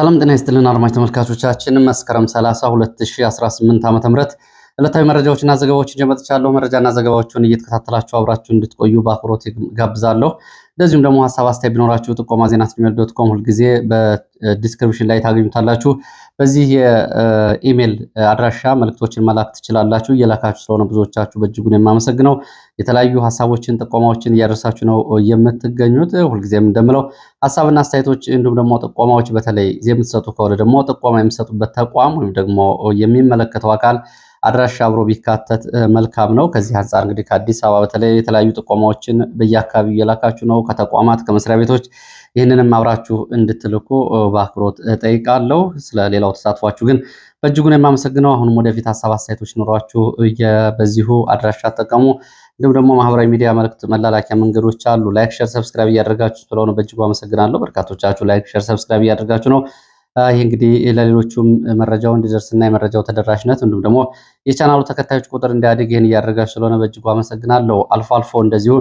ሰላም ጤና ይስጥልን አድማጭ ተመልካቾቻችን መስከረም 30 2018 ዓ ም ዕለታዊ መረጃዎችና ዘገባዎችን ይዤ መረጃና ዘገባዎችን እየተከታተላችሁ አብራችሁ እንድትቆዩ በአክብሮት ጋብዛለሁ። እንደዚሁም ደግሞ ሀሳብ አስተያየት ቢኖራችሁ ጥቆማ ዜና ጂሜል ዶት ኮም ሁልጊዜ በዲስክሪፕሽን ላይ ታገኙታላችሁ። በዚህ የኢሜል አድራሻ መልእክቶችን መላክ ትችላላችሁ። እየላካችሁ ስለሆነ ብዙዎቻችሁ በእጅጉን የማመሰግነው። የተለያዩ ሀሳቦችን፣ ጥቆማዎችን እያደረሳችሁ ነው የምትገኙት። ሁልጊዜም እንደምለው ሀሳብና አስተያየቶች እንዲሁም ደግሞ ጥቆማዎች በተለይ የምትሰጡ ከሆነ ደግሞ ጥቆማ የሚሰጡበት ተቋም ወይም ደግሞ የሚመለከተው አካል አድራሻ አብሮ ቢካተት መልካም ነው። ከዚህ አንጻር እንግዲህ ከአዲስ አበባ በተለይ የተለያዩ ጥቆማዎችን በየአካባቢው እየላካችሁ ነው። ከተቋማት ከመስሪያ ቤቶች ይህንንም አብራችሁ እንድትልኩ በአክብሮት ጠይቃለሁ። ስለሌላው ተሳትፏችሁ ግን በእጅጉን የማመሰግነው። አሁንም ወደፊት ሀሳብ አስተያየቶች ኑሯችሁ በዚሁ አድራሻ ተጠቀሙ። እንዲሁም ደግሞ ማህበራዊ ሚዲያ መልእክት መላላኪያ መንገዶች አሉ። ላይክ፣ ሸር፣ ሰብስክራይብ እያደረጋችሁ ስለሆነ በእጅጉ አመሰግናለሁ። በርካቶቻችሁ ላይክ፣ ሸር፣ ሰብስክራይብ እያደረጋችሁ ነው። ይህ እንግዲህ ለሌሎቹም መረጃው እንዲደርስና የመረጃው ተደራሽነት እንዲሁም ደግሞ የቻናሉ ተከታዮች ቁጥር እንዲያድግ ይህን እያደረጋችሁ ስለሆነ በእጅጉ አመሰግናለሁ። አልፎ አልፎ እንደዚሁ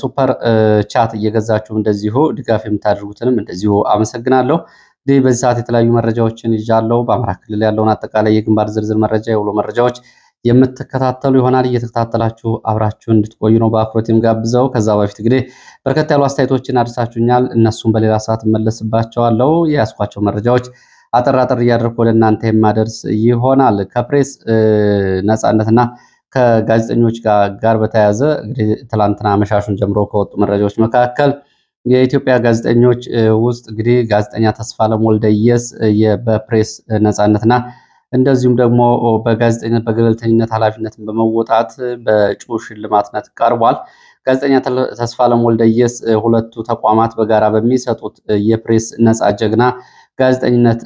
ሱፐር ቻት እየገዛችሁ እንደዚሁ ድጋፍ የምታደርጉትንም እንደዚሁ አመሰግናለሁ። እንግዲህ በዚህ ሰዓት የተለያዩ መረጃዎችን ይዣለሁ። በአማራ ክልል ያለውን አጠቃላይ የግንባር ዝርዝር መረጃ የውሎ መረጃዎች የምትከታተሉ ይሆናል። እየተከታተላችሁ አብራችሁ እንድትቆዩ ነው በአክብሮት የምጋብዘው። ከዛ በፊት እንግዲህ በርከት ያሉ አስተያየቶችን አድርሳችሁኛል። እነሱም በሌላ ሰዓት እመለስባቸዋለሁ። የያዝኳቸው መረጃዎች አጠር አጠር እያደረኩ ለእናንተ የማደርስ ይሆናል። ከፕሬስ ነፃነትና ከጋዜጠኞች ጋር በተያያዘ እንግዲህ ትላንትና መሻሹን ጀምሮ ከወጡ መረጃዎች መካከል የኢትዮጵያ ጋዜጠኞች ውስጥ እንግዲህ ጋዜጠኛ ተስፋለም ወልደየስ በፕሬስ ነፃነትና እንደዚሁም ደግሞ በጋዜጠኝነት በገለልተኝነት ኃላፊነትን በመወጣት በእጩ ሽልማትነት ቀርቧል። ጋዜጠኛ ተስፋለም ወልደየስ ሁለቱ ተቋማት በጋራ በሚሰጡት የፕሬስ ነፃ ጀግና ጋዜጠኝነት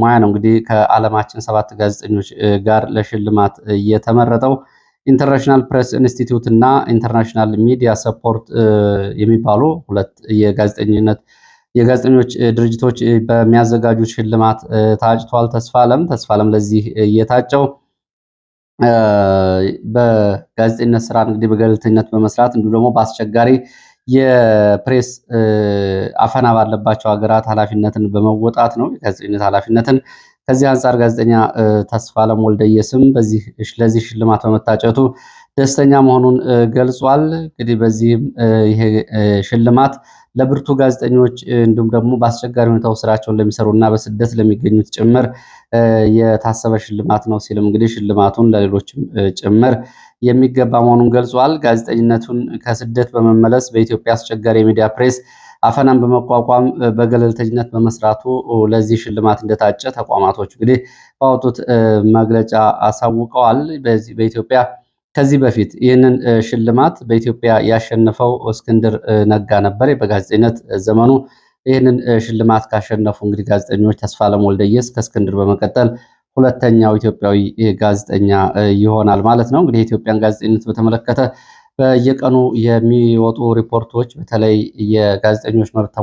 ሙያ ነው እንግዲህ ከዓለማችን ሰባት ጋዜጠኞች ጋር ለሽልማት የተመረጠው። ኢንተርናሽናል ፕሬስ ኢንስቲትዩት እና ኢንተርናሽናል ሚዲያ ሰፖርት የሚባሉ ሁለት የጋዜጠኝነት የጋዜጠኞች ድርጅቶች በሚያዘጋጁ ሽልማት ታጭቷል። ተስፋ አለም ተስፋ አለም ለዚህ እየታጨው በጋዜጠኝነት ስራ እንግዲህ በገለልተኝነት በመስራት እንዲሁም ደግሞ በአስቸጋሪ የፕሬስ አፈና ባለባቸው ሀገራት ኃላፊነትን በመወጣት ነው የጋዜጠኝነት ኃላፊነትን። ከዚህ አንጻር ጋዜጠኛ ተስፋ አለም ወልደየስም ለዚህ ሽልማት በመታጨቱ ደስተኛ መሆኑን ገልጿል። እንግዲህ በዚህም ይሄ ሽልማት ለብርቱ ጋዜጠኞች እንዲሁም ደግሞ በአስቸጋሪ ሁኔታው ስራቸውን ለሚሰሩ እና በስደት ለሚገኙት ጭምር የታሰበ ሽልማት ነው ሲልም እንግዲህ ሽልማቱን ለሌሎችም ጭምር የሚገባ መሆኑን ገልጿል። ጋዜጠኝነቱን ከስደት በመመለስ በኢትዮጵያ አስቸጋሪ የሚዲያ ፕሬስ አፈናን በመቋቋም በገለልተኝነት በመስራቱ ለዚህ ሽልማት እንደታጨ ተቋማቶች እንግዲህ ባወጡት መግለጫ አሳውቀዋል። በኢትዮጵያ ከዚህ በፊት ይህንን ሽልማት በኢትዮጵያ ያሸነፈው እስክንድር ነጋ ነበር። በጋዜጠኝነት ዘመኑ ይህንን ሽልማት ካሸነፉ እንግዲህ ጋዜጠኞች ተስፋለም ወልደየስ ከእስክንድር በመቀጠል ሁለተኛው ኢትዮጵያዊ ጋዜጠኛ ይሆናል ማለት ነው። እንግዲህ የኢትዮጵያን ጋዜጠኝነት በተመለከተ በየቀኑ የሚወጡ ሪፖርቶች በተለይ የጋዜጠኞች መብት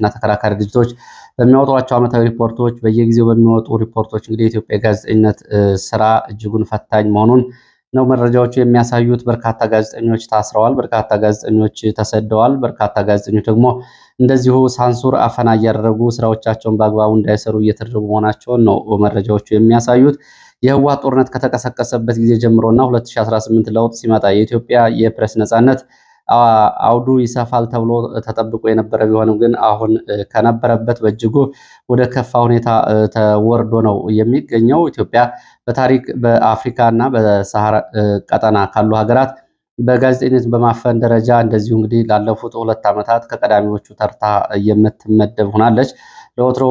እና ተከራካሪ ድርጅቶች በሚያወጧቸው ዓመታዊ ሪፖርቶች፣ በየጊዜው በሚወጡ ሪፖርቶች እንግዲህ የኢትዮጵያ የጋዜጠኝነት ስራ እጅጉን ፈታኝ መሆኑን ነው መረጃዎቹ የሚያሳዩት። በርካታ ጋዜጠኞች ታስረዋል፣ በርካታ ጋዜጠኞች ተሰደዋል፣ በርካታ ጋዜጠኞች ደግሞ እንደዚሁ ሳንሱር አፈና እያደረጉ ስራዎቻቸውን በአግባቡ እንዳይሰሩ እየተደረጉ መሆናቸውን ነው መረጃዎቹ የሚያሳዩት። የህወሓት ጦርነት ከተቀሰቀሰበት ጊዜ ጀምሮና 2018 ለውጥ ሲመጣ የኢትዮጵያ የፕሬስ ነጻነት አውዱ ይሰፋል ተብሎ ተጠብቆ የነበረ ቢሆንም ግን አሁን ከነበረበት በእጅጉ ወደ ከፋ ሁኔታ ተወርዶ ነው የሚገኘው። ኢትዮጵያ በታሪክ በአፍሪካ እና በሰሃራ ቀጠና ካሉ ሀገራት በጋዜጠኝነት በማፈን ደረጃ እንደዚሁ እንግዲህ ላለፉት ሁለት ዓመታት ከቀዳሚዎቹ ተርታ የምትመደብ ሆናለች። ለወትሮ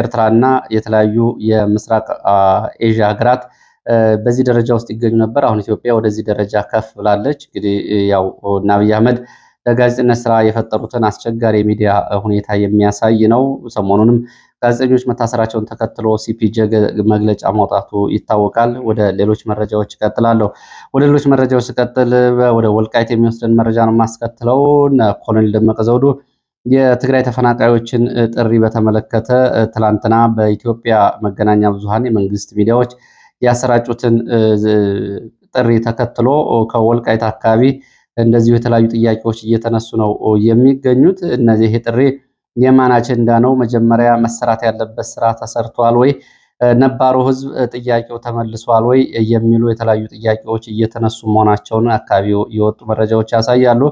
ኤርትራና የተለያዩ የምስራቅ ኤዥያ ሀገራት በዚህ ደረጃ ውስጥ ይገኙ ነበር። አሁን ኢትዮጵያ ወደዚህ ደረጃ ከፍ ብላለች። እንግዲህ ያው እና አብይ አህመድ ለጋዜጠነት ስራ የፈጠሩትን አስቸጋሪ የሚዲያ ሁኔታ የሚያሳይ ነው። ሰሞኑንም ጋዜጠኞች መታሰራቸውን ተከትሎ ሲፒጀ መግለጫ ማውጣቱ ይታወቃል። ወደ ሌሎች መረጃዎች እቀጥላለሁ። ወደ ሌሎች መረጃዎች ስቀጥል ወደ ወልቃይት የሚወስደን መረጃ ነው የማስቀጥለው። ኮሎኔል ደመቀ ዘውዱ የትግራይ ተፈናቃዮችን ጥሪ በተመለከተ ትላንትና በኢትዮጵያ መገናኛ ብዙሃን የመንግስት ሚዲያዎች ያሰራጩትን ጥሪ ተከትሎ ከወልቃይት አካባቢ እንደዚሁ የተለያዩ ጥያቄዎች እየተነሱ ነው የሚገኙት። እነዚህ ይሄ ጥሪ የማን አጀንዳ ነው? መጀመሪያ መሰራት ያለበት ስራ ተሰርቷል ወይ? ነባሩ ህዝብ ጥያቄው ተመልሷል ወይ? የሚሉ የተለያዩ ጥያቄዎች እየተነሱ መሆናቸውን አካባቢው የወጡ መረጃዎች ያሳያሉ።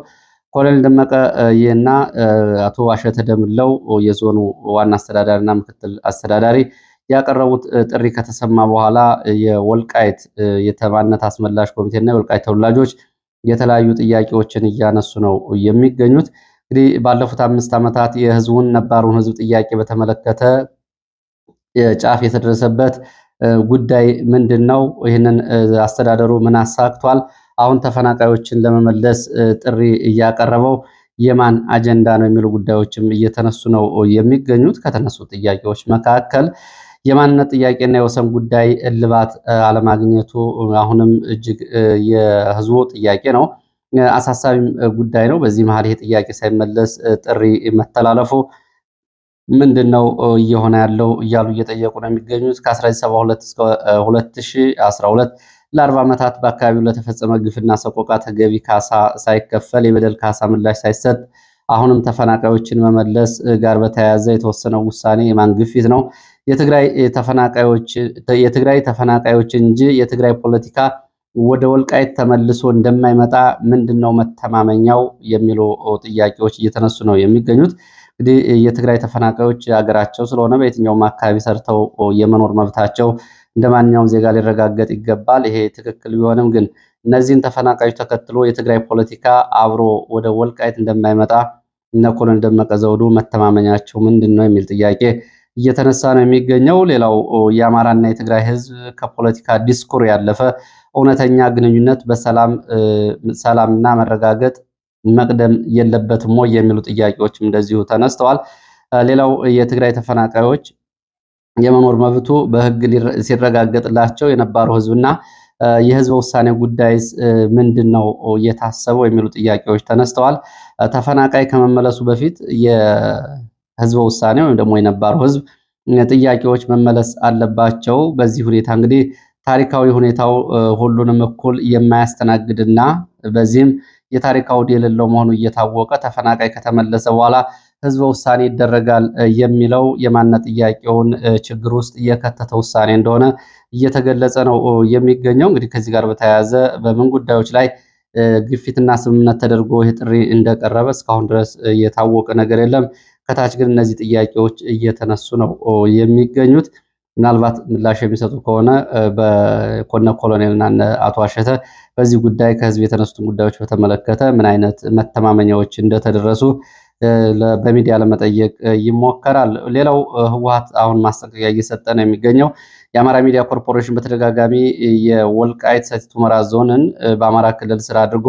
ኮሎኔል ደመቀ እና አቶ አሸተ ደምለው የዞኑ ዋና አስተዳዳሪና ምክትል አስተዳዳሪ ያቀረቡት ጥሪ ከተሰማ በኋላ የወልቃይት የማንነት አስመላሽ ኮሚቴና የወልቃይት ተወላጆች የተለያዩ ጥያቄዎችን እያነሱ ነው የሚገኙት። እንግዲህ ባለፉት አምስት ዓመታት የህዝቡን ነባሩን ህዝብ ጥያቄ በተመለከተ ጫፍ የተደረሰበት ጉዳይ ምንድን ነው? ይህንን አስተዳደሩ ምን አሳክቷል? አሁን ተፈናቃዮችን ለመመለስ ጥሪ እያቀረበው የማን አጀንዳ ነው የሚሉ ጉዳዮችም እየተነሱ ነው የሚገኙት። ከተነሱ ጥያቄዎች መካከል የማንነት ጥያቄና የወሰን ጉዳይ እልባት አለማግኘቱ አሁንም እጅግ የህዝቡ ጥያቄ ነው፣ አሳሳቢም ጉዳይ ነው። በዚህ መሀል ይሄ ጥያቄ ሳይመለስ ጥሪ መተላለፉ ምንድን ነው እየሆነ ያለው እያሉ እየጠየቁ ነው የሚገኙት። ከ1972 እስከ 2012 ለአርባ ዓመታት በአካባቢው ለተፈጸመ ግፍና ሰቆቃ ተገቢ ካሳ ሳይከፈል የበደል ካሳ ምላሽ ሳይሰጥ አሁንም ተፈናቃዮችን መመለስ ጋር በተያያዘ የተወሰነው ውሳኔ የማን ግፊት ነው? የትግራይ ተፈናቃዮች የትግራይ ተፈናቃዮች እንጂ የትግራይ ፖለቲካ ወደ ወልቃይት ተመልሶ እንደማይመጣ ምንድን ነው መተማመኛው የሚሉ ጥያቄዎች እየተነሱ ነው የሚገኙት። እንግዲህ የትግራይ ተፈናቃዮች ሀገራቸው ስለሆነ በየትኛውም አካባቢ ሰርተው የመኖር መብታቸው እንደ ማንኛውም ዜጋ ሊረጋገጥ ይገባል። ይሄ ትክክል ቢሆንም ግን እነዚህን ተፈናቃዮች ተከትሎ የትግራይ ፖለቲካ አብሮ ወደ ወልቃይት እንደማይመጣ እነ ኮሎኔል ደመቀ ዘውዱ መተማመኛቸው ምንድን ነው የሚል ጥያቄ እየተነሳ ነው የሚገኘው። ሌላው የአማራና የትግራይ ህዝብ ከፖለቲካ ዲስኩር ያለፈ እውነተኛ ግንኙነት በሰላምና መረጋገጥ መቅደም የለበትም ወይ የሚሉ ጥያቄዎችም እንደዚሁ ተነስተዋል። ሌላው የትግራይ ተፈናቃዮች የመኖር መብቱ በህግ ሲረጋገጥላቸው የነባሩ ህዝብና የህዝበ ውሳኔ ጉዳይ ምንድን ነው የታሰበው የሚሉ ጥያቄዎች ተነስተዋል። ተፈናቃይ ከመመለሱ በፊት ህዝበ ውሳኔ ወይም ደግሞ የነባሩ ህዝብ ጥያቄዎች መመለስ አለባቸው። በዚህ ሁኔታ እንግዲህ ታሪካዊ ሁኔታው ሁሉንም እኩል የማያስተናግድና በዚህም የታሪክ አውድ የሌለው መሆኑ እየታወቀ ተፈናቃይ ከተመለሰ በኋላ ህዝበ ውሳኔ ይደረጋል የሚለው የማንነት ጥያቄውን ችግር ውስጥ እየከተተ ውሳኔ እንደሆነ እየተገለጸ ነው የሚገኘው። እንግዲህ ከዚህ ጋር በተያያዘ በምን ጉዳዮች ላይ ግፊትና ስምምነት ተደርጎ ይህ ጥሪ እንደቀረበ እስካሁን ድረስ የታወቀ ነገር የለም። ከታች ግን እነዚህ ጥያቄዎች እየተነሱ ነው የሚገኙት። ምናልባት ምላሽ የሚሰጡ ከሆነ በኮነ ኮሎኔልና አቶ አሸተ በዚህ ጉዳይ ከህዝብ የተነሱትን ጉዳዮች በተመለከተ ምን አይነት መተማመኛዎች እንደተደረሱ በሚዲያ ለመጠየቅ ይሞከራል። ሌላው ህወሓት አሁን ማስጠንቀቂያ እየሰጠ ነው የሚገኘው። የአማራ ሚዲያ ኮርፖሬሽን በተደጋጋሚ የወልቃይት ሰቲት ሁመራ ዞንን በአማራ ክልል ስራ አድርጎ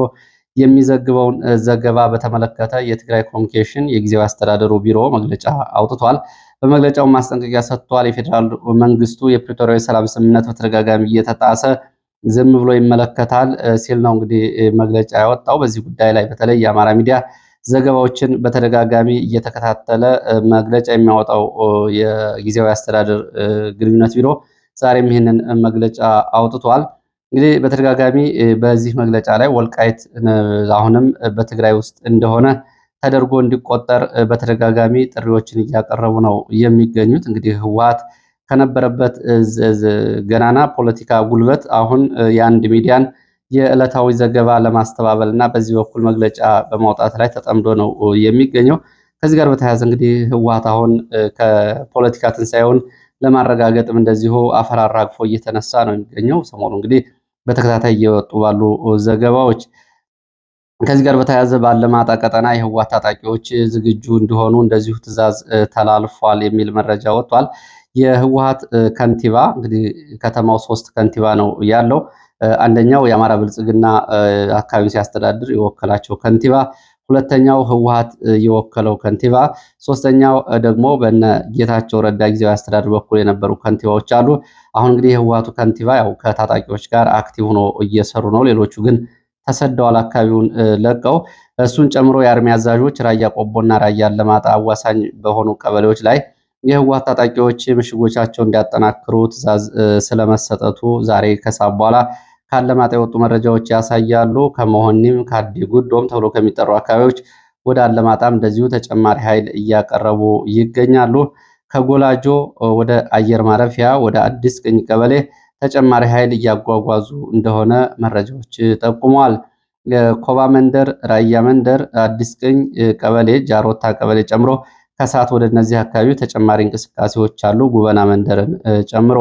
የሚዘግበውን ዘገባ በተመለከተ የትግራይ ኮሚኒኬሽን የጊዜያዊ አስተዳደሩ ቢሮ መግለጫ አውጥቷል። በመግለጫው ማስጠንቀቂያ ሰጥቷል። የፌዴራል መንግስቱ የፕሪቶሪያ ሰላም ስምምነት በተደጋጋሚ እየተጣሰ ዝም ብሎ ይመለከታል ሲል ነው እንግዲህ መግለጫ ያወጣው። በዚህ ጉዳይ ላይ በተለይ የአማራ ሚዲያ ዘገባዎችን በተደጋጋሚ እየተከታተለ መግለጫ የሚያወጣው የጊዜያዊ አስተዳደር ግንኙነት ቢሮ ዛሬም ይህንን መግለጫ አውጥቷል። እንግዲህ በተደጋጋሚ በዚህ መግለጫ ላይ ወልቃይት አሁንም በትግራይ ውስጥ እንደሆነ ተደርጎ እንዲቆጠር በተደጋጋሚ ጥሪዎችን እያቀረቡ ነው የሚገኙት። እንግዲህ ህወሓት ከነበረበት ገናና ፖለቲካ ጉልበት አሁን የአንድ ሚዲያን የዕለታዊ ዘገባ ለማስተባበል እና በዚህ በኩል መግለጫ በማውጣት ላይ ተጠምዶ ነው የሚገኘው። ከዚህ ጋር በተያያዘ እንግዲህ ህወሓት አሁን ከፖለቲካ ትንሳኤውን ለማረጋገጥም እንደዚሁ አፈራራግፎ እየተነሳ ነው የሚገኘው። ሰሞኑ እንግዲህ በተከታታይ እየወጡ ባሉ ዘገባዎች ከዚህ ጋር በተያያዘ በአለማጣ ቀጠና የህወሓት ታጣቂዎች ዝግጁ እንዲሆኑ እንደዚሁ ትዕዛዝ ተላልፏል የሚል መረጃ ወጥቷል። የህወሓት ከንቲባ እንግዲህ ከተማው ሶስት ከንቲባ ነው ያለው። አንደኛው የአማራ ብልጽግና አካባቢ ሲያስተዳድር የወከላቸው ከንቲባ ሁለተኛው ህወሀት የወከለው ከንቲባ፣ ሶስተኛው ደግሞ በነ ጌታቸው ረዳ ጊዜያዊ አስተዳደር በኩል የነበሩ ከንቲባዎች አሉ። አሁን እንግዲህ የህወሀቱ ከንቲባ ያው ከታጣቂዎች ጋር አክቲቭ ሆኖ እየሰሩ ነው። ሌሎቹ ግን ተሰደዋል፣ አካባቢውን ለቀው። እሱን ጨምሮ የአርሚ አዛዦች ራያ ቆቦና ራያ አላማጣ አዋሳኝ በሆኑ ቀበሌዎች ላይ የህወሀት ታጣቂዎች ምሽጎቻቸው እንዲያጠናክሩ ትዕዛዝ ስለመሰጠቱ ዛሬ ከሳብ በኋላ ከአላማጣ የወጡ መረጃዎች ያሳያሉ። ከመሆኒም ጉዶም ተብሎ ከሚጠሩ አካባቢዎች ወደ አላማጣም እንደዚሁ ተጨማሪ ኃይል እያቀረቡ ይገኛሉ። ከጎላጆ ወደ አየር ማረፊያ ወደ አዲስ ቅኝ ቀበሌ ተጨማሪ ኃይል እያጓጓዙ እንደሆነ መረጃዎች ጠቁመዋል። ኮባ መንደር፣ ራያ መንደር፣ አዲስ ቅኝ ቀበሌ፣ ጃሮታ ቀበሌ ጨምሮ ከሰዓት ወደ እነዚህ አካባቢ ተጨማሪ እንቅስቃሴዎች አሉ፣ ጉበና መንደርን ጨምሮ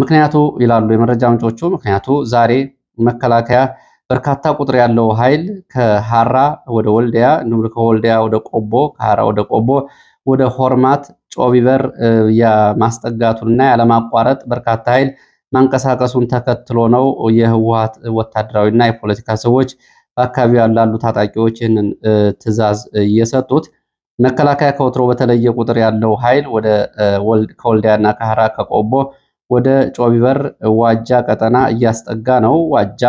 ምክንያቱ ይላሉ የመረጃ ምንጮቹ፣ ምክንያቱ ዛሬ መከላከያ በርካታ ቁጥር ያለው ኃይል ከሐራ ወደ ወልዲያ እንዲሁም ከወልዲያ ወደ ቆቦ፣ ከሐራ ወደ ቆቦ፣ ወደ ሆርማት ጮቢበር የማስጠጋቱንና ያለማቋረጥ በርካታ ኃይል ማንቀሳቀሱን ተከትሎ ነው የህወሓት ወታደራዊና የፖለቲካ ሰዎች በአካባቢው ያላሉ ታጣቂዎች ይህንን ትዕዛዝ እየሰጡት። መከላከያ ከወትሮ በተለየ ቁጥር ያለው ኃይል ወደ ከወልዲያና ከሐራ ከቆቦ ወደ ጮቢበር ዋጃ ቀጠና እያስጠጋ ነው። ዋጃ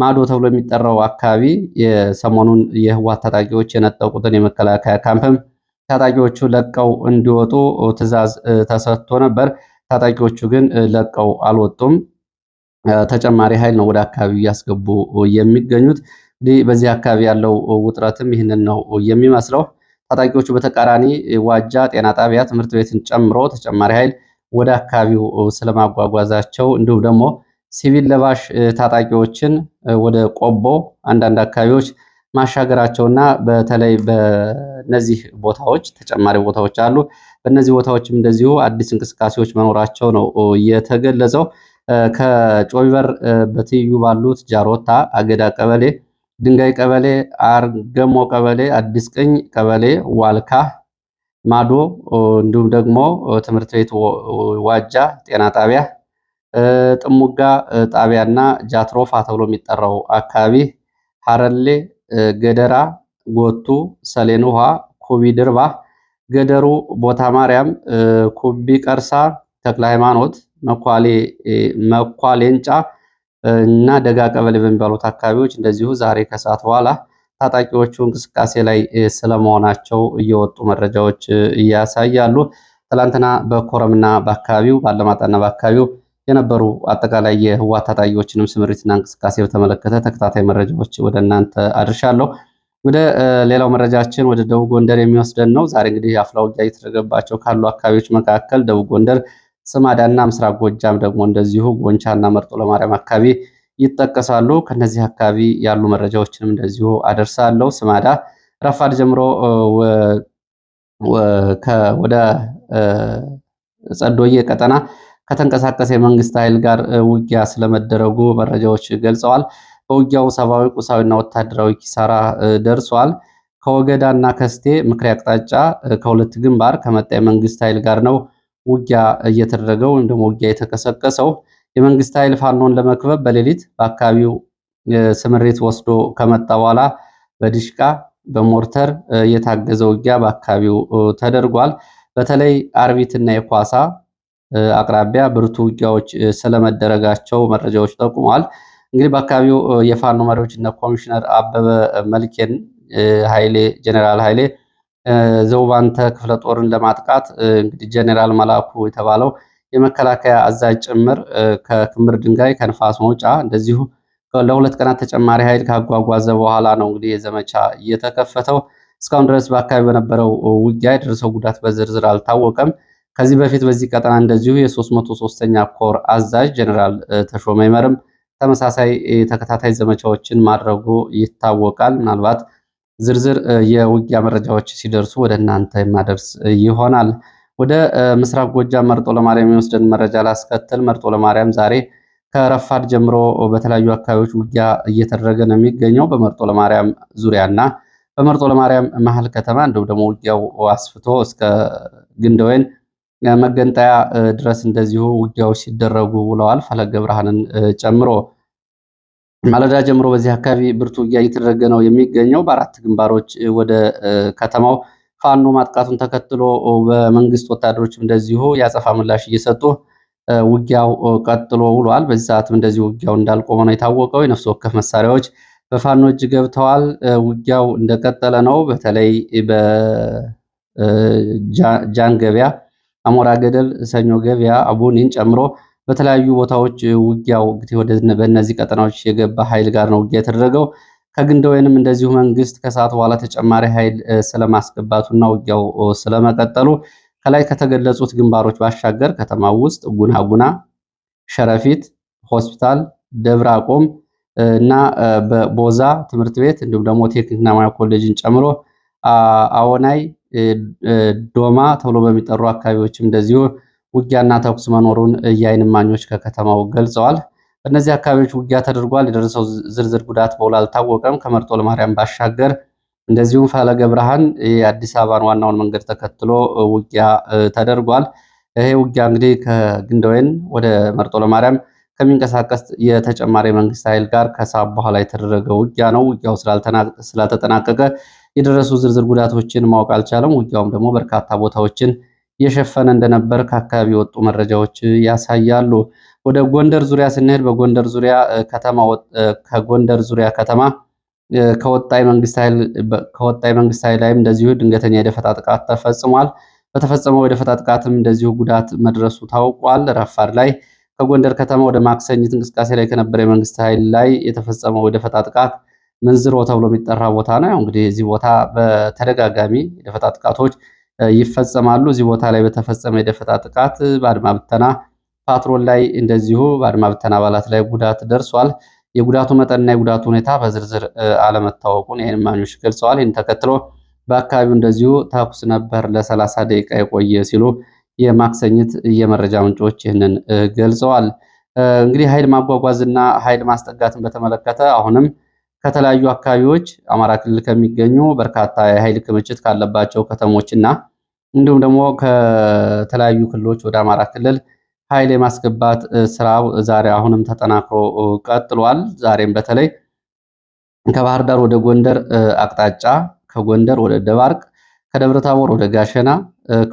ማዶ ተብሎ የሚጠራው አካባቢ የሰሞኑን የህወሓት ታጣቂዎች የነጠቁትን የመከላከያ ካምፕም ታጣቂዎቹ ለቀው እንዲወጡ ትዕዛዝ ተሰጥቶ ነበር። ታጣቂዎቹ ግን ለቀው አልወጡም። ተጨማሪ ኃይል ነው ወደ አካባቢ እያስገቡ የሚገኙት። እንግዲህ በዚህ አካባቢ ያለው ውጥረትም ይህንን ነው የሚመስለው። ታጣቂዎቹ በተቃራኒ ዋጃ ጤና ጣቢያ፣ ትምህርት ቤትን ጨምሮ ተጨማሪ ኃይል ወደ አካባቢው ስለማጓጓዛቸው እንዲሁም ደግሞ ሲቪል ለባሽ ታጣቂዎችን ወደ ቆቦ አንዳንድ አካባቢዎች ማሻገራቸውና በተለይ በነዚህ ቦታዎች ተጨማሪ ቦታዎች አሉ። በእነዚህ ቦታዎችም እንደዚሁ አዲስ እንቅስቃሴዎች መኖራቸው ነው የተገለጸው። ከጮቢበር በትይዩ ባሉት ጃሮታ፣ አገዳ ቀበሌ፣ ድንጋይ ቀበሌ፣ አርገሞ ቀበሌ፣ አዲስ ቅኝ ቀበሌ፣ ዋልካ ማዶ እንዲሁም ደግሞ ትምህርት ቤት ዋጃ ጤና ጣቢያ፣ ጥሙጋ ጣቢያና ጃትሮፋ ተብሎ የሚጠራው አካባቢ፣ ሀረሌ፣ ገደራ፣ ጎቱ፣ ሰሌን ውሃ፣ ኩቢ ድርባ፣ ገደሩ፣ ቦታ ማርያም፣ ኩቢ ቀርሳ፣ ተክለ ሃይማኖት፣ መኳሌንጫ እና ደጋ ቀበሌ በሚባሉት አካባቢዎች እንደዚሁ ዛሬ ከሰዓት በኋላ ታጣቂዎቹ እንቅስቃሴ ላይ ስለመሆናቸው እየወጡ መረጃዎች ያሳያሉ። ትላንትና በኮረምና በአካባቢው በአለማጣና በአካባቢው የነበሩ አጠቃላይ የህዋ ታጣቂዎችንም ስምሪትና እንቅስቃሴ በተመለከተ ተከታታይ መረጃዎች ወደ እናንተ አድርሻለሁ። ወደ ሌላው መረጃችን ወደ ደቡብ ጎንደር የሚወስደን ነው። ዛሬ እንግዲህ አፍላ ውጊያ እየተደረገባቸው ካሉ አካባቢዎች መካከል ደቡብ ጎንደር፣ ስማዳና ምስራቅ ጎጃም ደግሞ እንደዚሁ ጎንቻና መርጦ ለማርያም አካባቢ ይጠቀሳሉ። ከነዚህ አካባቢ ያሉ መረጃዎችንም እንደዚሁ አደርሳለሁ። ስማዳ ረፋድ ጀምሮ ወደ ጸዶዬ ቀጠና ከተንቀሳቀሰ የመንግስት ኃይል ጋር ውጊያ ስለመደረጉ መረጃዎች ገልጸዋል። በውጊያው ሰብአዊ፣ ቁሳዊና ወታደራዊ ኪሳራ ደርሷል። ከወገዳ እና ከስቴ ምክሬ አቅጣጫ ከሁለት ግንባር ከመጣ የመንግስት ኃይል ጋር ነው ውጊያ እየተደረገው ወይም ደግሞ ውጊያ የተቀሰቀሰው። የመንግስት ኃይል ፋኖን ለመክበብ በሌሊት በአካባቢው ስምሪት ወስዶ ከመጣ በኋላ በዲሽቃ በሞርተር የታገዘ ውጊያ በአካባቢው ተደርጓል። በተለይ አርቢትና የኳሳ አቅራቢያ ብርቱ ውጊያዎች ስለመደረጋቸው መረጃዎች ጠቁመዋል። እንግዲህ በአካባቢው የፋኖ መሪዎች እነ ኮሚሽነር አበበ መልኬን ኃይሌ ጀኔራል ኃይሌ ዘውባንተ ክፍለ ጦርን ለማጥቃት እንግዲህ ጀኔራል መላኩ የተባለው የመከላከያ አዛዥ ጭምር ከክምር ድንጋይ ከንፋስ መውጫ እንደዚሁ ለሁለት ቀናት ተጨማሪ ኃይል ካጓጓዘ በኋላ ነው እንግዲህ የዘመቻ እየተከፈተው። እስካሁን ድረስ በአካባቢ በነበረው ውጊያ የደረሰው ጉዳት በዝርዝር አልታወቀም። ከዚህ በፊት በዚህ ቀጠና እንደዚሁ የ303ኛ ኮር አዛዥ ጀኔራል ተሾመ ይመርም ተመሳሳይ ተከታታይ ዘመቻዎችን ማድረጉ ይታወቃል። ምናልባት ዝርዝር የውጊያ መረጃዎች ሲደርሱ ወደ እናንተ የማደርስ ይሆናል። ወደ ምስራቅ ጎጃም መርጦ ለማርያም የሚወስደን መረጃ ላስከትል። መርጦ ለማርያም ዛሬ ከረፋድ ጀምሮ በተለያዩ አካባቢዎች ውጊያ እየተደረገ ነው የሚገኘው። በመርጦ ለማርያም ዙሪያና በመርጦ ለማርያም መሀል ከተማ እንደው ደግሞ ውጊያው አስፍቶ እስከ ግንደወይን መገንጠያ ድረስ እንደዚሁ ውጊያዎች ሲደረጉ ውለዋል። ፈለገ ብርሃንን ጨምሮ ማለዳ ጀምሮ በዚህ አካባቢ ብርቱ ውጊያ እየተደረገ ነው የሚገኘው። በአራት ግንባሮች ወደ ከተማው ፋኖ ማጥቃቱን ተከትሎ በመንግስት ወታደሮችም እንደዚሁ የአጸፋ ምላሽ እየሰጡ ውጊያው ቀጥሎ ውሏል። በዚህ ሰዓትም እንደዚሁ ውጊያው እንዳልቆመ ነው የታወቀው። የነፍስ ወከፍ መሳሪያዎች በፋኖ እጅ ገብተዋል። ውጊያው እንደቀጠለ ነው። በተለይ በጃን ገበያ፣ አሞራ ገደል፣ ሰኞ ገበያ፣ አቡኒን ጨምሮ በተለያዩ ቦታዎች ውጊያው እንግዲህ በእነዚህ ቀጠናዎች የገባ ኃይል ጋር ነው ውጊያ የተደረገው። ከግንደ ወይንም እንደዚሁ መንግስት ከሰዓት በኋላ ተጨማሪ ኃይል ስለማስገባቱና ውጊያው ስለመቀጠሉ ከላይ ከተገለጹት ግንባሮች ባሻገር ከተማው ውስጥ ጉናጉና፣ ሸረፊት ሆስፒታል፣ ደብረ አቆም እና በቦዛ ትምህርት ቤት እንዲሁም ደግሞ ቴክኒክና ሙያ ኮሌጅን ጨምሮ አወናይ፣ ዶማ ተብሎ በሚጠሩ አካባቢዎችም እንደዚሁ ውጊያና ተኩስ መኖሩን የአይን እማኞች ከከተማው ገልጸዋል። በእነዚህ አካባቢዎች ውጊያ ተደርጓል። የደረሰው ዝርዝር ጉዳት በውል አልታወቀም። ከመርጦ ለማርያም ባሻገር እንደዚሁም ፈለገ ብርሃን የአዲስ አበባን ዋናውን መንገድ ተከትሎ ውጊያ ተደርጓል። ይሄ ውጊያ እንግዲህ ከግንደወይን ወደ መርጦ ለማርያም ከሚንቀሳቀስ የተጨማሪ መንግስት ኃይል ጋር ከሰዓት በኋላ የተደረገ ውጊያ ነው። ውጊያው ስላልተጠናቀቀ የደረሱ ዝርዝር ጉዳቶችን ማወቅ አልቻለም። ውጊያውም ደግሞ በርካታ ቦታዎችን የሸፈነ እንደነበር ከአካባቢ የወጡ መረጃዎች ያሳያሉ። ወደ ጎንደር ዙሪያ ስንሄድ በጎንደር ዙሪያ ከተማ ከጎንደር ዙሪያ ከተማ ከወጣ መንግስት ኃይል ላይም እንደዚሁ ድንገተኛ የደፈጣ ጥቃት ተፈጽሟል። በተፈጸመው የደፈጣ ጥቃትም እንደዚሁ ጉዳት መድረሱ ታውቋል። ረፋድ ላይ ከጎንደር ከተማ ወደ ማክሰኝት እንቅስቃሴ ላይ ከነበረ የመንግስት ኃይል ላይ የተፈጸመው የደፈጣ ጥቃት ምንዝሮ ተብሎ የሚጠራ ቦታ ነው። እንግዲህ እዚህ ቦታ በተደጋጋሚ የደፈጣ ጥቃቶች ይፈጸማሉ። እዚህ ቦታ ላይ በተፈጸመ የደፈጣ ጥቃት በአድማ ብተና ፓትሮል ላይ እንደዚሁ በአድማ ብተና አባላት ላይ ጉዳት ደርሷል። የጉዳቱ መጠንና የጉዳቱ ሁኔታ በዝርዝር አለመታወቁን የዓይን እማኞች ገልጸዋል። ይህን ተከትሎ በአካባቢው እንደዚሁ ተኩስ ነበር ለሰላሳ ደቂቃ የቆየ ሲሉ የማክሰኝት የመረጃ ምንጮች ይህንን ገልጸዋል። እንግዲህ ኃይል ማጓጓዝና ኃይል ማስጠጋትን በተመለከተ አሁንም ከተለያዩ አካባቢዎች አማራ ክልል ከሚገኙ በርካታ የኃይል ክምችት ካለባቸው ከተሞች እና እንዲሁም ደግሞ ከተለያዩ ክልሎች ወደ አማራ ክልል ኃይል የማስገባት ስራው ዛሬ አሁንም ተጠናክሮ ቀጥሏል። ዛሬም በተለይ ከባህር ዳር ወደ ጎንደር አቅጣጫ፣ ከጎንደር ወደ ደባርቅ፣ ከደብረ ታቦር ወደ ጋሸና፣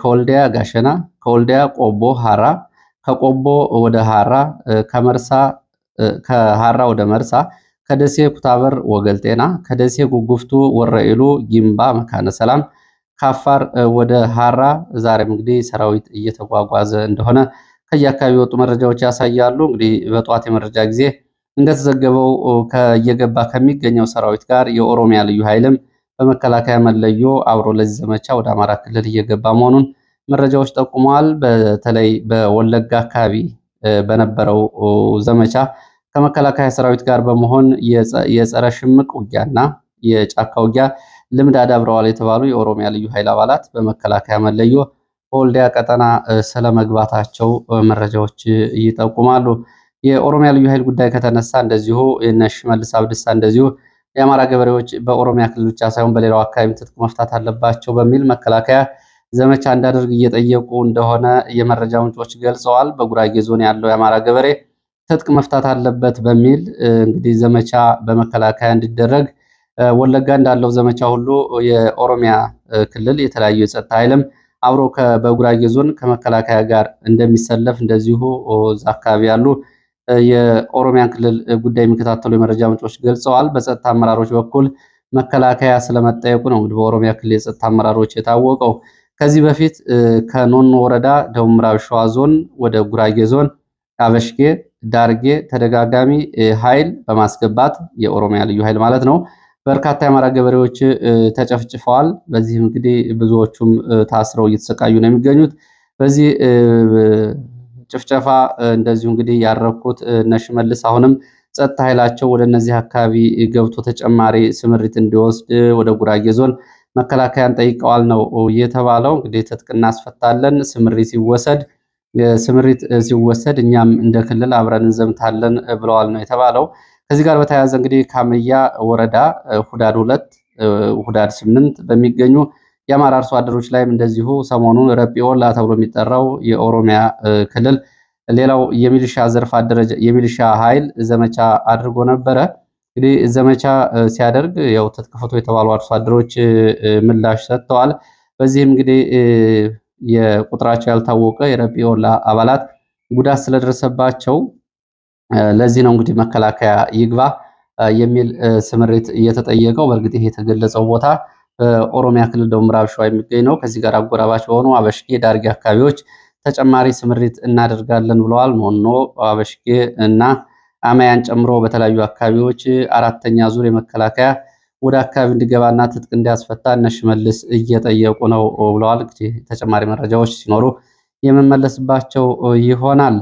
ከወልዲያ ጋሸና፣ ከወልዲያ ቆቦ ሐራ፣ ከቆቦ ወደ ሐራ፣ ከመርሳ ከሐራ ወደ መርሳ ከደሴ ኩታበር ወገል ጤና፣ ከደሴ ጉጉፍቱ ወረኢሉ ጊምባ መካነ ሰላም፣ ከአፋር ወደ ሀራ ዛሬም እንግዲህ ሰራዊት እየተጓጓዘ እንደሆነ ከየአካባቢ የወጡ መረጃዎች ያሳያሉ። እንግዲህ በጠዋት የመረጃ ጊዜ እንደተዘገበው ከየገባ ከሚገኘው ሰራዊት ጋር የኦሮሚያ ልዩ ኃይልም በመከላከያ መለዮ አብሮ ለዚህ ዘመቻ ወደ አማራ ክልል እየገባ መሆኑን መረጃዎች ጠቁመዋል። በተለይ በወለጋ አካባቢ በነበረው ዘመቻ ከመከላከያ ሰራዊት ጋር በመሆን የጸረ ሽምቅ ውጊያና የጫካ ውጊያ ልምድ አዳብረዋል የተባሉ የኦሮሚያ ልዩ ኃይል አባላት በመከላከያ መለዮ በወልዲያ ቀጠና ስለመግባታቸው መረጃዎች ይጠቁማሉ። የኦሮሚያ ልዩ ኃይል ጉዳይ ከተነሳ እንደዚሁ የእነ ሽመልስ አብዲሳ እንደዚሁ የአማራ ገበሬዎች በኦሮሚያ ክልል ብቻ ሳይሆን በሌላው አካባቢ ትጥቅ መፍታት አለባቸው በሚል መከላከያ ዘመቻ እንዳደርግ እየጠየቁ እንደሆነ የመረጃ ምንጮች ገልጸዋል። በጉራጌ ዞን ያለው የአማራ ገበሬ ትጥቅ መፍታት አለበት በሚል እንግዲህ ዘመቻ በመከላከያ እንዲደረግ ወለጋ እንዳለው ዘመቻ ሁሉ የኦሮሚያ ክልል የተለያዩ የጸጥታ ኃይልም አብሮ በጉራጌ ዞን ከመከላከያ ጋር እንደሚሰለፍ እንደዚሁ እዛ አካባቢ ያሉ የኦሮሚያን ክልል ጉዳይ የሚከታተሉ የመረጃ ምንጮች ገልጸዋል። በጸጥታ አመራሮች በኩል መከላከያ ስለመጠየቁ ነው እንግዲህ በኦሮሚያ ክልል የጸጥታ አመራሮች የታወቀው። ከዚህ በፊት ከኖኖ ወረዳ ደቡብ ምዕራብ ሸዋ ዞን ወደ ጉራጌ ዞን አበሽጌ ዳርጌ ተደጋጋሚ ኃይል በማስገባት የኦሮሚያ ልዩ ኃይል ማለት ነው። በርካታ የአማራ ገበሬዎች ተጨፍጭፈዋል። በዚህም እንግዲህ ብዙዎቹም ታስረው እየተሰቃዩ ነው የሚገኙት። በዚህ ጭፍጨፋ እንደዚሁ እንግዲህ ያረኩት እነሽመልስ አሁንም ጸጥታ ኃይላቸው ወደ እነዚህ አካባቢ ገብቶ ተጨማሪ ስምሪት እንዲወስድ ወደ ጉራጌ ዞን መከላከያን ጠይቀዋል ነው የተባለው። እንግዲህ ትጥቅ እናስፈታለን፣ ስምሪት ይወሰድ ስምሪት ሲወሰድ እኛም እንደ ክልል አብረን እንዘምታለን ብለዋል ነው የተባለው። ከዚህ ጋር በተያያዘ እንግዲህ ካምያ ወረዳ ሁዳድ ሁለት ሁዳድ ስምንት በሚገኙ የአማራ አርሶ አደሮች ላይም እንደዚሁ ሰሞኑን ረጲዮላ ተብሎ የሚጠራው የኦሮሚያ ክልል ሌላው የሚሊሻ ዘርፍ አደረጃ የሚሊሻ ኃይል ዘመቻ አድርጎ ነበረ። እንግዲህ ዘመቻ ሲያደርግ ያው ትጥቅ ፍቱ የተባሉ አርሶ አደሮች ምላሽ ሰጥተዋል። በዚህም እንግዲህ የቁጥራቸው ያልታወቀ የረቢዮላ አባላት ጉዳት ስለደረሰባቸው ለዚህ ነው እንግዲህ መከላከያ ይግባ የሚል ስምሪት እየተጠየቀው። በእርግጥ ይሄ የተገለጸው ቦታ በኦሮሚያ ክልል ደቡብ ምዕራብ ሸዋ የሚገኝ ነው። ከዚህ ጋር አጎራባች በሆኑ አበሽጌ፣ ዳርጌ አካባቢዎች ተጨማሪ ስምሪት እናደርጋለን ብለዋል። ኖኖ፣ አበሽጌ እና አማያን ጨምሮ በተለያዩ አካባቢዎች አራተኛ ዙር የመከላከያ ወደ አካባቢ እንዲገባና ትጥቅ እንዲያስፈታ እነ ሽመልስ እየጠየቁ ነው ብለዋል። እንግዲህ ተጨማሪ መረጃዎች ሲኖሩ የምመለስባቸው ይሆናል።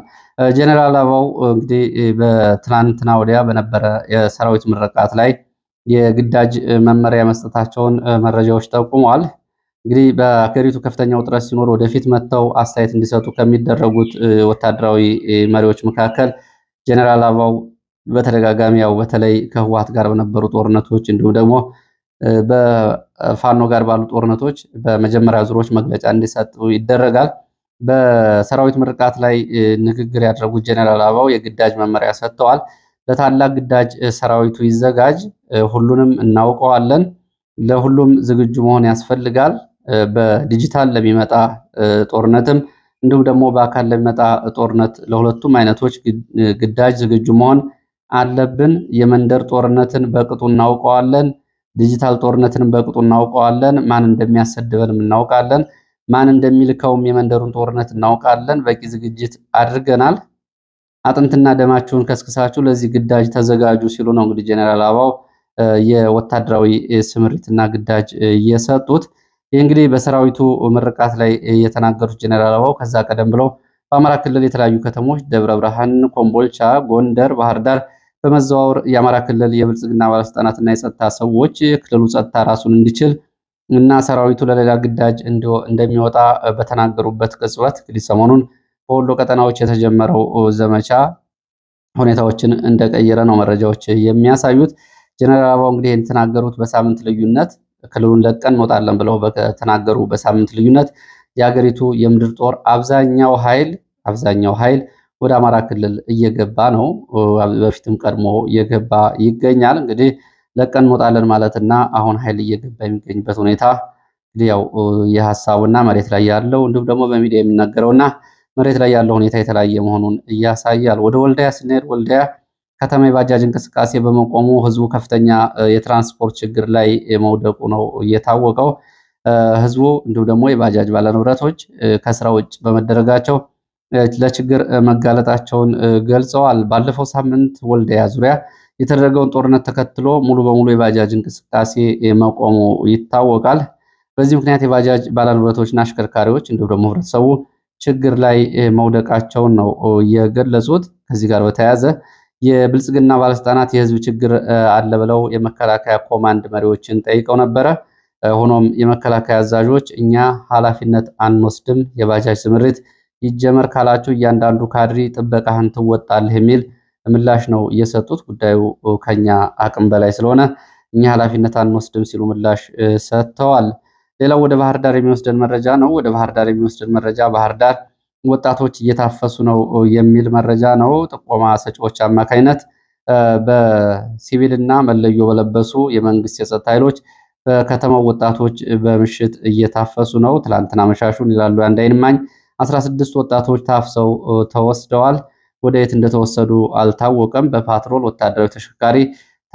ጀኔራል አበባው እንግዲህ በትናንትና ወዲያ በነበረ የሰራዊት ምርቃት ላይ የግዳጅ መመሪያ መስጠታቸውን መረጃዎች ጠቁመዋል። እንግዲህ በአገሪቱ ከፍተኛ ውጥረት ሲኖር ወደፊት መጥተው አስተያየት እንዲሰጡ ከሚደረጉት ወታደራዊ መሪዎች መካከል ጀኔራል አበባው በተደጋጋሚ ያው በተለይ ከህወሓት ጋር በነበሩ ጦርነቶች እንዲሁም ደግሞ በፋኖ ጋር ባሉ ጦርነቶች በመጀመሪያ ዙሮች መግለጫ እንዲሰጡ ይደረጋል። በሰራዊት ምርቃት ላይ ንግግር ያደረጉት ጀኔራል አበባው የግዳጅ መመሪያ ሰጥተዋል። ለታላቅ ግዳጅ ሰራዊቱ ይዘጋጅ፣ ሁሉንም እናውቀዋለን፣ ለሁሉም ዝግጁ መሆን ያስፈልጋል። በዲጂታል ለሚመጣ ጦርነትም እንዲሁም ደግሞ በአካል ለሚመጣ ጦርነት ለሁለቱም አይነቶች ግዳጅ ዝግጁ መሆን አለብን። የመንደር ጦርነትን በቅጡ እናውቀዋለን። ዲጂታል ጦርነትን በቅጡ እናውቀዋለን። ማን እንደሚያሰድበንም እናውቃለን። ማን እንደሚልከውም የመንደሩን ጦርነት እናውቃለን። በቂ ዝግጅት አድርገናል። አጥንትና ደማችሁን ከስክሳችሁ ለዚህ ግዳጅ ተዘጋጁ ሲሉ ነው እንግዲህ ጀኔራል አበባው የወታደራዊ ስምሪትና ግዳጅ የሰጡት። ይህ እንግዲህ በሰራዊቱ ምርቃት ላይ የተናገሩት ጀኔራል አበባው ከዛ ቀደም ብለው በአማራ ክልል የተለያዩ ከተሞች ደብረ ብርሃን፣ ኮምቦልቻ፣ ጎንደር፣ ባህር ዳር በመዘዋወር የአማራ ክልል የብልጽግና ባለስልጣናትና የጸጥታ ሰዎች የክልሉ ጸጥታ ራሱን እንዲችል እና ሰራዊቱ ለሌላ ግዳጅ እንደሚወጣ በተናገሩበት ቅጽበት እንግዲህ ሰሞኑን በወሎ ቀጠናዎች የተጀመረው ዘመቻ ሁኔታዎችን እንደቀየረ ነው መረጃዎች የሚያሳዩት። ጀነራል አበባው እንግዲህ የተናገሩት በሳምንት ልዩነት ክልሉን ለቀን እንወጣለን ብለው በተናገሩ በሳምንት ልዩነት የሀገሪቱ የምድር ጦር አብዛኛው ኃይል አብዛኛው ኃይል ወደ አማራ ክልል እየገባ ነው። በፊትም ቀድሞ እየገባ ይገኛል። እንግዲህ ለቀን እንወጣለን ማለትና አሁን ኃይል እየገባ የሚገኝበት ሁኔታ ያው የሀሳቡና መሬት ላይ ያለው እንዲሁም ደግሞ በሚዲያ የሚነገረውና መሬት ላይ ያለው ሁኔታ የተለያየ መሆኑን ያሳያል። ወደ ወልዳያ ስንሄድ ወልዳያ ከተማ የባጃጅ እንቅስቃሴ በመቆሙ ህዝቡ ከፍተኛ የትራንስፖርት ችግር ላይ መውደቁ ነው እየታወቀው። ህዝቡ እንዲሁም ደግሞ የባጃጅ ባለንብረቶች ከስራ ውጭ በመደረጋቸው ለችግር መጋለጣቸውን ገልጸዋል። ባለፈው ሳምንት ወልዲያ ዙሪያ የተደረገውን ጦርነት ተከትሎ ሙሉ በሙሉ የባጃጅ እንቅስቃሴ መቆሙ ይታወቃል። በዚህ ምክንያት የባጃጅ ባለንብረቶችና አሽከርካሪዎች እንዲሁም ደግሞ ህብረተሰቡ ችግር ላይ መውደቃቸውን ነው የገለጹት። ከዚህ ጋር በተያያዘ የብልጽግና ባለስልጣናት የህዝብ ችግር አለ ብለው የመከላከያ ኮማንድ መሪዎችን ጠይቀው ነበረ። ሆኖም የመከላከያ አዛዦች እኛ ኃላፊነት አንወስድም፣ የባጃጅ ስምሪት ይጀመር ካላችሁ እያንዳንዱ ካድሪ ጥበቃህን ትወጣልህ የሚል ምላሽ ነው እየሰጡት። ጉዳዩ ከኛ አቅም በላይ ስለሆነ እኛ ኃላፊነት አንወስድም ሲሉ ምላሽ ሰጥተዋል። ሌላው ወደ ባህር ዳር የሚወስደን መረጃ ነው። ወደ ባህር ዳር የሚወስደን መረጃ ባህር ዳር ወጣቶች እየታፈሱ ነው የሚል መረጃ ነው። ጥቆማ ሰጪዎች አማካኝነት በሲቪልና መለዮ በለበሱ የመንግስት የጸጥታ ኃይሎች በከተማው ወጣቶች በምሽት እየታፈሱ ነው። ትላንትና መሻሹን ይላሉ አንድ አይን እማኝ 16 ወጣቶች ታፍሰው ተወስደዋል። ወደ የት እንደተወሰዱ አልታወቀም። በፓትሮል ወታደራዊ ተሽከርካሪ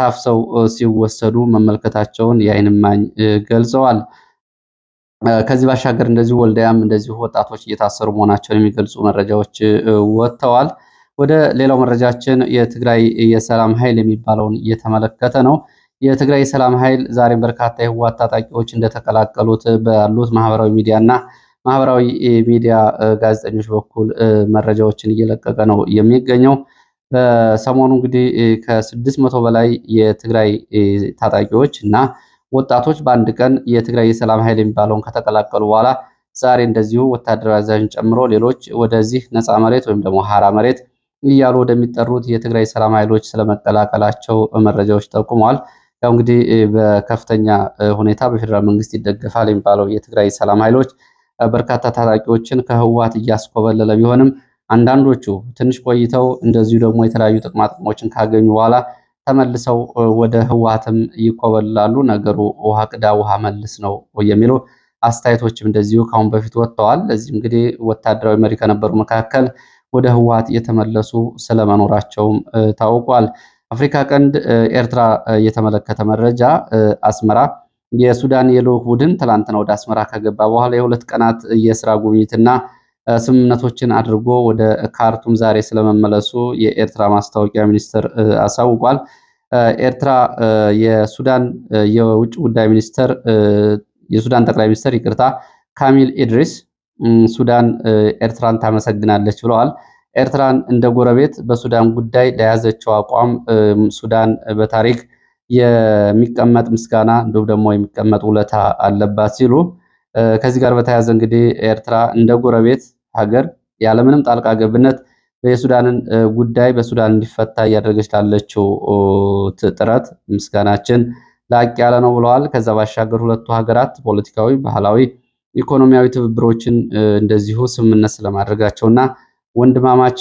ታፍሰው ሲወሰዱ መመልከታቸውን የዓይን እማኝ ገልጸዋል። ከዚህ ባሻገር እንደዚሁ ወልዳያም እንደዚሁ ወጣቶች እየታሰሩ መሆናቸውን የሚገልጹ መረጃዎች ወጥተዋል። ወደ ሌላው መረጃችን የትግራይ የሰላም ኃይል የሚባለውን እየተመለከተ ነው። የትግራይ የሰላም ኃይል ዛሬም በርካታ የህወሓት ታጣቂዎች እንደተቀላቀሉት ባሉት ማህበራዊ ሚዲያና ማህበራዊ ሚዲያ ጋዜጠኞች በኩል መረጃዎችን እየለቀቀ ነው የሚገኘው። በሰሞኑ እንግዲህ ከስድስት መቶ በላይ የትግራይ ታጣቂዎች እና ወጣቶች በአንድ ቀን የትግራይ የሰላም ኃይል የሚባለውን ከተቀላቀሉ በኋላ ዛሬ እንደዚሁ ወታደራዊ አዛዥን ጨምሮ ሌሎች ወደዚህ ነፃ መሬት ወይም ደግሞ ሀራ መሬት እያሉ ወደሚጠሩት የትግራይ ሰላም ኃይሎች ስለመቀላቀላቸው መረጃዎች ጠቁመዋል። ያው እንግዲህ በከፍተኛ ሁኔታ በፌዴራል መንግስት ይደገፋል የሚባለው የትግራይ ሰላም ኃይሎች በርካታ ታጣቂዎችን ከህወሓት እያስኮበለለ ቢሆንም አንዳንዶቹ ትንሽ ቆይተው እንደዚሁ ደግሞ የተለያዩ ጥቅማጥቅሞችን ካገኙ በኋላ ተመልሰው ወደ ህወሓትም ይኮበልላሉ። ነገሩ ውሃ ቅዳ ውሃ መልስ ነው የሚሉ አስተያየቶችም እንደዚሁ ከአሁን በፊት ወጥተዋል። ለዚህ እንግዲህ ወታደራዊ መሪ ከነበሩ መካከል ወደ ህወሓት የተመለሱ ስለመኖራቸውም ታውቋል። አፍሪካ ቀንድ ኤርትራ የተመለከተ መረጃ አስመራ የሱዳን የልዑክ ቡድን ትላንትና ወደ አስመራ ከገባ በኋላ የሁለት ቀናት የስራ ጉብኝትና ስምምነቶችን አድርጎ ወደ ካርቱም ዛሬ ስለመመለሱ የኤርትራ ማስታወቂያ ሚኒስትር አሳውቋል። ኤርትራ የሱዳን የውጭ ጉዳይ ሚኒስትር የሱዳን ጠቅላይ ሚኒስትር ይቅርታ፣ ካሚል ኢድሪስ ሱዳን ኤርትራን ታመሰግናለች ብለዋል። ኤርትራን እንደ ጎረቤት በሱዳን ጉዳይ ለያዘችው አቋም ሱዳን በታሪክ የሚቀመጥ ምስጋና እንዲሁም ደግሞ የሚቀመጥ ውለታ አለባት ሲሉ ከዚህ ጋር በተያያዘ እንግዲህ ኤርትራ እንደ ጎረቤት ሀገር ያለምንም ጣልቃ ገብነት የሱዳንን ጉዳይ በሱዳን እንዲፈታ እያደረገች ላለችው ጥረት ምስጋናችን ላቅ ያለ ነው ብለዋል። ከዛ ባሻገር ሁለቱ ሀገራት ፖለቲካዊ፣ ባህላዊ፣ ኢኮኖሚያዊ ትብብሮችን እንደዚሁ ስምምነት ስለማድረጋቸውና ወንድማማች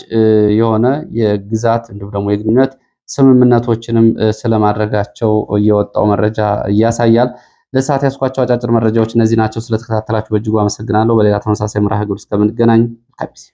የሆነ የግዛት እንዲሁም ደግሞ የግንኙነት ስምምነቶችንም ስለማድረጋቸው የወጣው መረጃ ያሳያል። ለሰዓት ያስኳቸው አጫጭር መረጃዎች እነዚህ ናቸው። ስለተከታተላችሁ በእጅጉ አመሰግናለሁ። በሌላ ተመሳሳይ መርሃ ግብር እስከምንገናኝ ከሚሴ